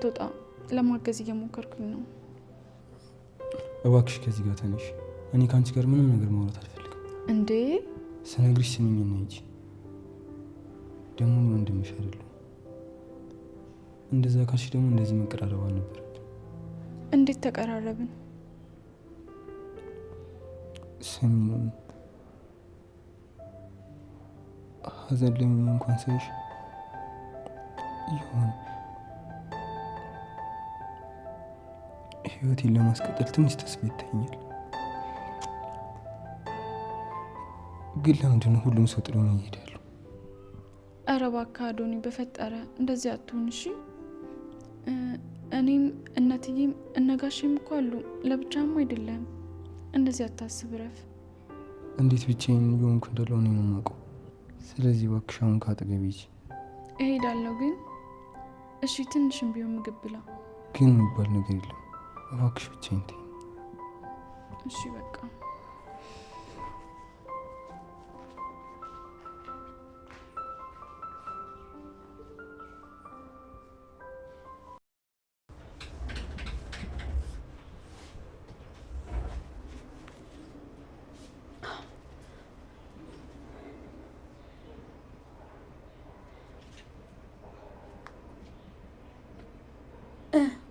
እንድትወጣ ለማገዝ እየሞከርኩኝ ነው። እባክሽ ከዚህ ጋር ተነሽ። እኔ ከአንቺ ጋር ምንም ነገር ማውራት አልፈልግም። እንዴ ስነግርሽ ስሚኝና ሂጂ። ደግሞ እኔ ወንድምሽ አይደለሁ። እንደዛ ካልሽ ደግሞ እንደዚህ መቀራረብ አልነበረብን። እንዴት ተቀራረብን? ስሚኝ ሐዘን ላይ እንኳን ሳይሽ ይሆን ህይወቴን ለማስቀጠል ትንሽ ተስፋ ይታኛል። ግን ለምንድነው ሁሉም ሰው ጥሎኝ ይሄዳሉ። ኧረ እባክህ አዶኒ በፈጠረ እንደዚህ አትሆን እሺ። እኔም እናትዬም እነጋሽም እኮ አሉ፣ ለብቻም አይደለም። እንደዚህ አታስብ፣ ረፍ። እንዴት ብቻዬን የሆንኩ እንዳለው ነው የማውቀው። ስለዚህ እባክሽ አሁን ከአጠገቤ ሂጂ። እሄዳለሁ ግን እሺ፣ ትንሽም ቢሆን ምግብ ብላ። ግን የሚባል ነገር የለም እባክሽ ብቻዬን ተይኝ። እሺ በቃ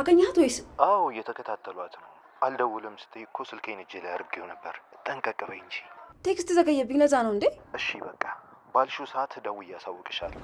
አገኘሃት ወይስ? አዎ እየተከታተሏት ነው። አልደውልም ስትይ እኮ ስልኬን እጄ ላይ አድርጌው ነበር። ጠንቀቅ በይ እንጂ ቴክስት ዘገየብኝ። ለዛ ነው እንዴ? እሺ በቃ ባልሹ ሰዓት ደውዬ እያሳውቅሻል።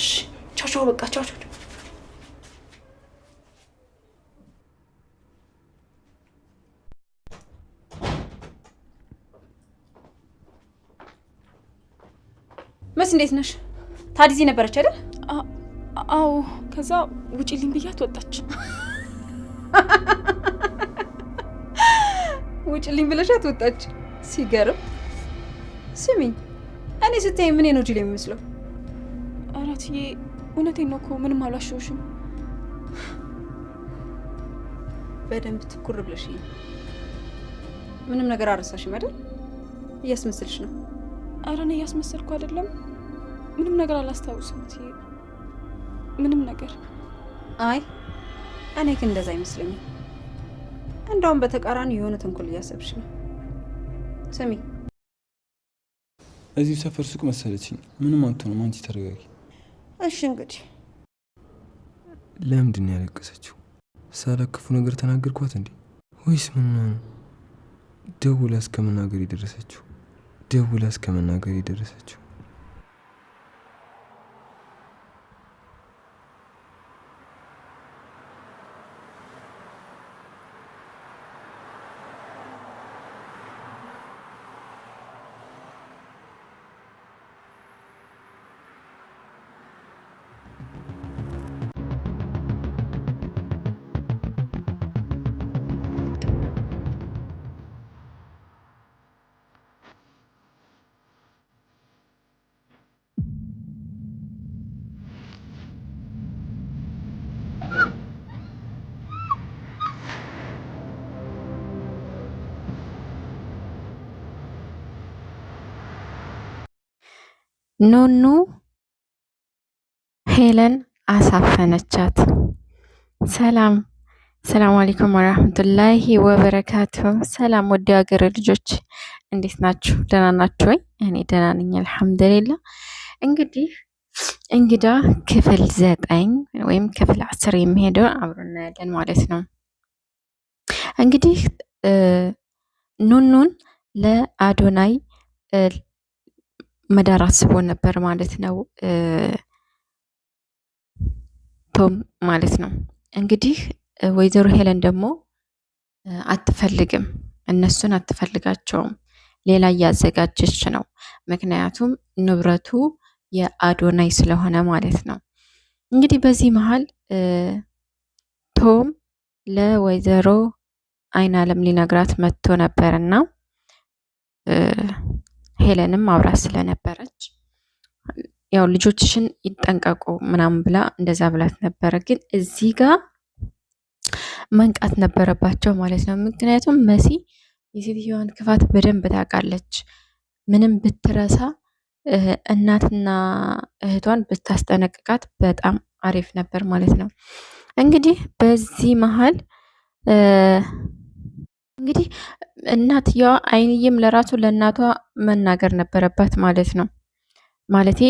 እሺ ቻው ቻው። በቃ ቻው ቻው። መስ እንዴት ነሽ? ታዲዚ ነበረች አይደል? አዎ ከዛ ውጪልኝ ብያት ወጣች። ልኝ ብለሻት ወጣች? ሲገርም። ስሚኝ፣ እኔ ስታይ ምን ነው ጅል የሚመስለው? ኧረ እውነቴ እውነቴን ነው እኮ ምንም አላሸውሽም። በደንብ ትኩር ብለሽ ምንም ነገር አረሳሽ አይደል? እያስመሰልሽ ነው። ኧረ እኔ እያስመሰልኩ አይደለም፣ ምንም ነገር አላስታውስም እትዬ ምንም ነገር። አይ እኔ ግን እንደዛ አይመስለኝም። እንደውም በተቃራኒ የሆነ ተንኮል እያሰብሽ ነው። ስሚ፣ እዚህ ሰፈር ሱቅ መሰለችኝ። ምንም አትሆንም። አንቺ ተረጋጊ እሺ። እንግዲህ ለምንድን ነው ያለቀሰችው? ሳላክፉ ነገር ተናገርኳት እንዴ? ወይስ ምን ነው? ደውላ እስከ መናገር የደረሰችው ደውላ እስከ መናገር የደረሰችው ኑኑ ሄለን አሳፈነቻት። ሰላም ሰላም አለይኩም ወራህመቱላሂ ወበረካቱ። ሰላም ወደ ሀገር ልጆች እንዴት ናችሁ? ደህና ናችሁ ወይ? እኔ ደህና ነኝ አልሐምዱሊላህ። እንግዲህ እንግዳ ክፍል ዘጠኝ ወይም ክፍል አስር የሚሄደው አብሮ እናያለን ማለት ነው። እንግዲህ ኑኑን ለአዶናይ መዳር አስቦ ነበር ማለት ነው ቶም ማለት ነው። እንግዲህ ወይዘሮ ሄለን ደግሞ አትፈልግም፣ እነሱን አትፈልጋቸውም። ሌላ እያዘጋጀች ነው። ምክንያቱም ንብረቱ የአዶናይ ስለሆነ ማለት ነው። እንግዲህ በዚህ መሀል ቶም ለወይዘሮ አይን አለም ሊነግራት መጥቶ ነበርና ሄለንም አብራት ስለነበረች ያው ልጆችሽን ይጠንቀቁ ምናምን ብላ እንደዛ ብላት ነበረ። ግን እዚህ ጋር መንቃት ነበረባቸው ማለት ነው። ምክንያቱም መሲ የሴትዮዋን ክፋት በደንብ ታውቃለች። ምንም ብትረሳ እናትና እህቷን ብታስጠነቅቃት በጣም አሪፍ ነበር ማለት ነው። እንግዲህ በዚህ መሀል እንግዲህ እናትየዋ አይንዬም ለራሱ ለእናቷ መናገር ነበረባት ማለት ነው። ማለቴ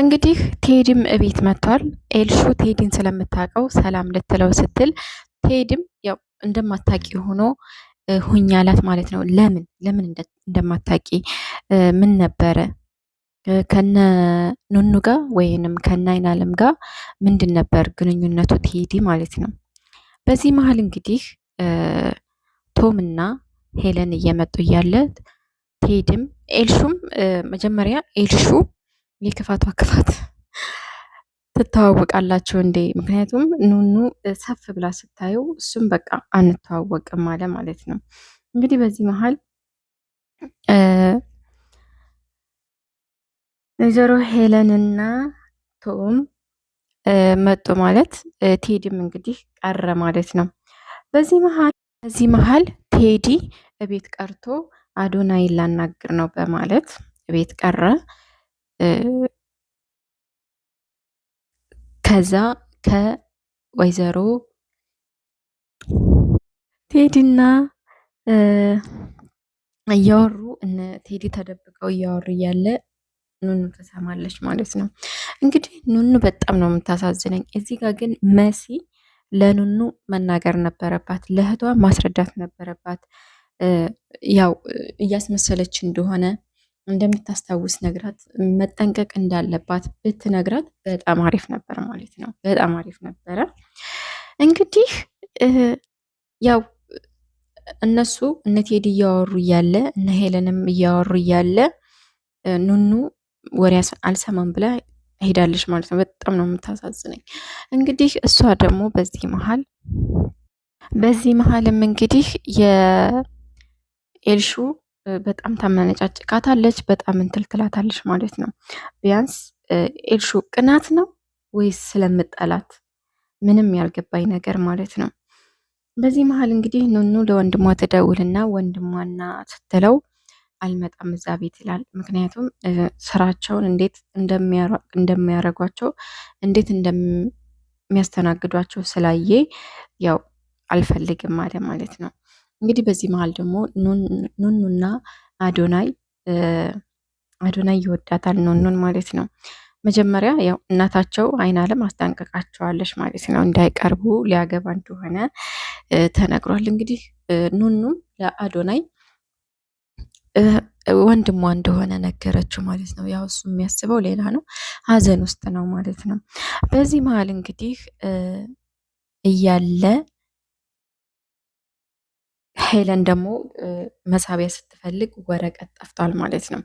እንግዲህ ቴዲም እቤት መጥቷል። ኤልሹ ቴዲን ስለምታውቀው ሰላም ልትለው ስትል ቴዲም ያው እንደማታቂ ሆኖ ሁኛላት ማለት ነው። ለምን ለምን እንደማታቂ ምን ነበረ ከነ ኑኑ ጋር ወይንም ከነ አይን አለም ጋር ምንድን ነበር ግንኙነቱ ቴዲ ማለት ነው። በዚህ መሀል እንግዲህ ቶም እና ሄለን እየመጡ እያለ ቴዲም ኤልሹም መጀመሪያ ኤልሹ የክፋቷ ክፋት ትተዋወቃላችሁ እንዴ? ምክንያቱም ኑኑ ሰፍ ብላ ስታየው እሱም በቃ አንተዋወቅም አለ ማለት ነው። እንግዲህ በዚህ መሀል ወይዘሮ ሄለን እና ቶም መጡ ማለት ቴዲም እንግዲህ ቀረ ማለት ነው። በዚህ መሀል በዚህ መሀል ቴዲ እቤት ቀርቶ አዶናይ ላናግር ነው በማለት እቤት ቀረ። ከዛ ከወይዘሮ ቴዲና እያወሩ ቴዲ ተደብቀው እያወሩ እያለ ኑኑ ትሰማለች ማለት ነው። እንግዲህ ኑኑ በጣም ነው የምታሳዝነኝ። እዚህ ጋር ግን መሲ ለኑኑ መናገር ነበረባት፣ ለእህቷ ማስረዳት ነበረባት። ያው እያስመሰለች እንደሆነ እንደምታስታውስ ነግራት መጠንቀቅ እንዳለባት ብትነግራት በጣም አሪፍ ነበር ማለት ነው። በጣም አሪፍ ነበረ። እንግዲህ ያው እነሱ እነ ቴዲ እያወሩ እያለ እነ ሄለንም እያወሩ እያለ ኑኑ ወሬ አልሰማም ብላ ሄዳለች ማለት ነው። በጣም ነው የምታሳዝነኝ። እንግዲህ እሷ ደግሞ በዚህ መሀል በዚህ መሀልም እንግዲህ የኤልሹ በጣም ታመነጫጭቃታለች፣ በጣም እንትልትላታለች ማለት ነው። ቢያንስ ኤልሹ ቅናት ነው ወይስ ስለምጠላት ምንም ያልገባኝ ነገር ማለት ነው። በዚህ መሀል እንግዲህ ኑኑ ለወንድሟ ትደውልና ወንድሟና ስትለው አልመጣም እዛ ቤት ይላል። ምክንያቱም ስራቸውን እንዴት እንደሚያረጓቸው እንዴት እንደሚያስተናግዷቸው ስላየ ያው አልፈልግም አለ ማለት ነው። እንግዲህ በዚህ መሀል ደግሞ ኑኑና አዶናይ አዶናይ ይወዳታል ኑኑን ማለት ነው። መጀመሪያ ያው እናታቸው አይን አለም አስጠንቀቃቸዋለች ማለት ነው። እንዳይቀርቡ ሊያገባ እንደሆነ ተነግሯል። እንግዲህ ኑኑም ለአዶናይ ወንድሟ እንደሆነ ነገረችው ማለት ነው። ያው እሱ የሚያስበው ሌላ ነው፣ ሀዘን ውስጥ ነው ማለት ነው። በዚህ መሀል እንግዲህ እያለ ሄለን ደግሞ መሳቢያ ስትፈልግ ወረቀት ጠፍቷል ማለት ነው።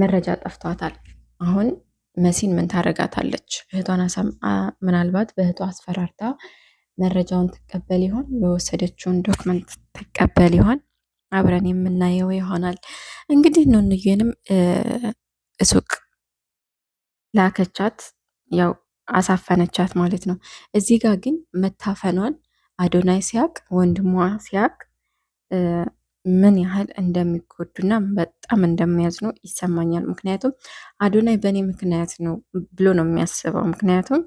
መረጃ ጠፍቷታል። አሁን መሲን ምን ታደርጋታለች? እህቷን ምናልባት በእህቷ አስፈራርታ መረጃውን ትቀበል ይሆን? የወሰደችውን ዶክመንት ትቀበል ይሆን? አብረን የምናየው ይሆናል። እንግዲህ ኑንዬንም ሱቅ ላከቻት፣ ያው አሳፈነቻት ማለት ነው። እዚህ ጋር ግን መታፈኗን አዶናይ ሲያቅ፣ ወንድሟ ሲያቅ ምን ያህል እንደሚጎዱና በጣም እንደሚያዝኑ ይሰማኛል። ምክንያቱም አዶናይ በእኔ ምክንያት ነው ብሎ ነው የሚያስበው። ምክንያቱም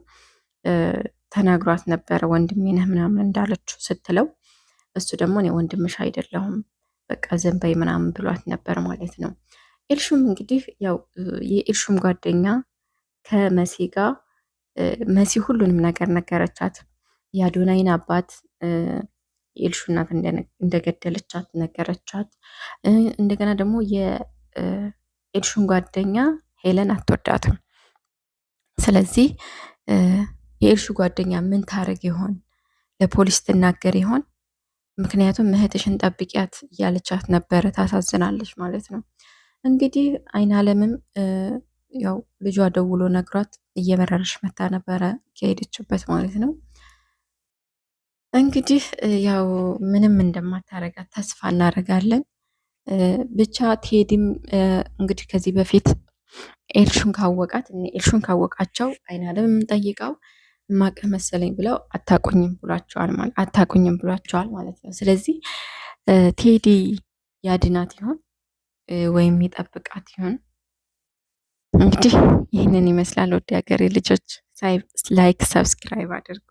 ተናግሯት ነበረ ወንድሜ ነህ ምናምን እንዳለችው ስትለው እሱ ደግሞ እኔ ወንድምሽ አይደለሁም በቃ ዘንባይ ምናምን ብሏት ነበር ማለት ነው። ኤልሹም እንግዲህ ያው የኤልሹም ጓደኛ ከመሲ ጋር መሲ ሁሉንም ነገር ነገረቻት። የአዶናይን አባት የኤልሹ እናት እንደገደለቻት ነገረቻት። እንደገና ደግሞ የኤልሹን ጓደኛ ሄለን አትወዳትም። ስለዚህ የኤልሹ ጓደኛ ምን ታረግ ይሆን? ለፖሊስ ትናገር ይሆን? ምክንያቱም እህትሽን ጠብቂያት እያለቻት ነበረ። ታሳዝናለች ማለት ነው። እንግዲህ አይን አለምም ያው ልጇ ደውሎ ነግሯት እየመረረሽ መታ ነበረ ከሄደችበት ማለት ነው። እንግዲህ ያው ምንም እንደማታረጋት ተስፋ እናደርጋለን። ብቻ ቴዲም እንግዲህ ከዚህ በፊት ኤልሹን ካወቃት ኤልሹን ካወቃቸው አይን አለምም ጠይቀው ማቀ መሰለኝ ብለው አታቁኝም ብሏቸዋል ማለት አታቁኝም ብሏቸዋል ማለት ነው። ስለዚህ ቴዲ ያድናት ይሆን ወይም ይጠብቃት ይሆን? እንግዲህ ይህንን ይመስላል። ወደ ሀገሬ ልጆች ላይክ፣ ሰብስክራይብ አድርጉ።